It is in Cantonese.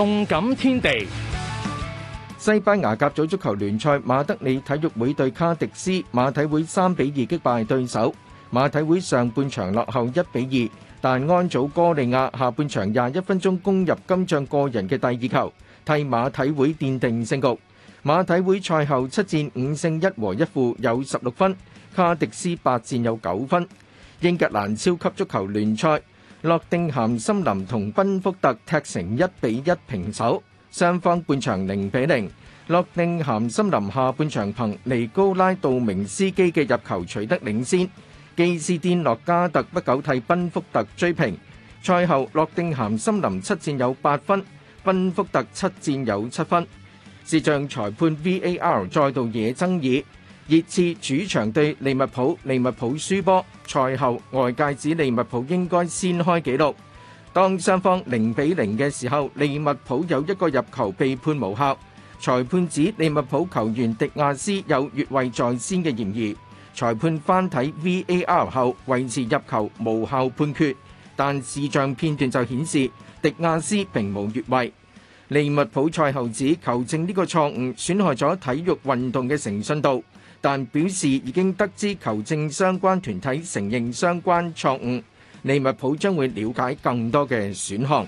動感天地，西班牙甲組足球聯賽馬德里體育會對卡迪斯，馬體會三比二擊敗對手。馬體會上半場落後一比二，但安祖哥利亞下半場廿一分鐘攻入今仗個人嘅第二球，替馬體會奠定勝局。馬體會賽後七戰五勝一和一負，有十六分；卡迪斯八戰有九分。英格蘭超級足球聯賽。諾定咸森林同賓福特踢成一比一平手，雙方半場零比零。諾定咸森林下半場憑尼高拉杜明斯基嘅入球取得領先，基斯甸洛加特不久替賓福特追平。賽後諾定咸森林七戰有八分，賓福特七戰有七分。視像裁判 VAR 再度惹爭議。熱刺主場對利物浦，利物浦輸波。賽後外界指利物浦應該先開紀錄。當雙方零比零嘅時候，利物浦有一個入球被判無效。裁判指利物浦球員迪亞斯有越位在先嘅嫌疑。裁判翻睇 VAR 後維持入球無效判決，但視像片段就顯示迪亞斯並無越位。利物浦賽後指球證呢個錯誤損害咗體育運動嘅誠信度。但表示已經得知求證相關團體承認相關錯誤，利物浦將會了解更多嘅選項。